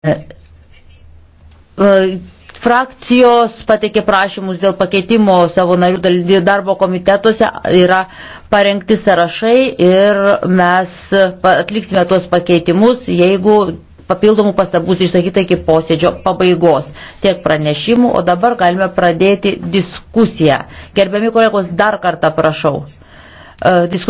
E, e, frakcijos pateikė prašymus dėl pakeitimo savo narių darbo komitetuose, yra parengti sąrašai ir mes atliksime tuos pakeitimus, jeigu papildomų pastabus išsakyta iki posėdžio pabaigos. Tiek pranešimų, o dabar galime pradėti diskusiją. Gerbiami kolegos, dar kartą prašau. E, Diskut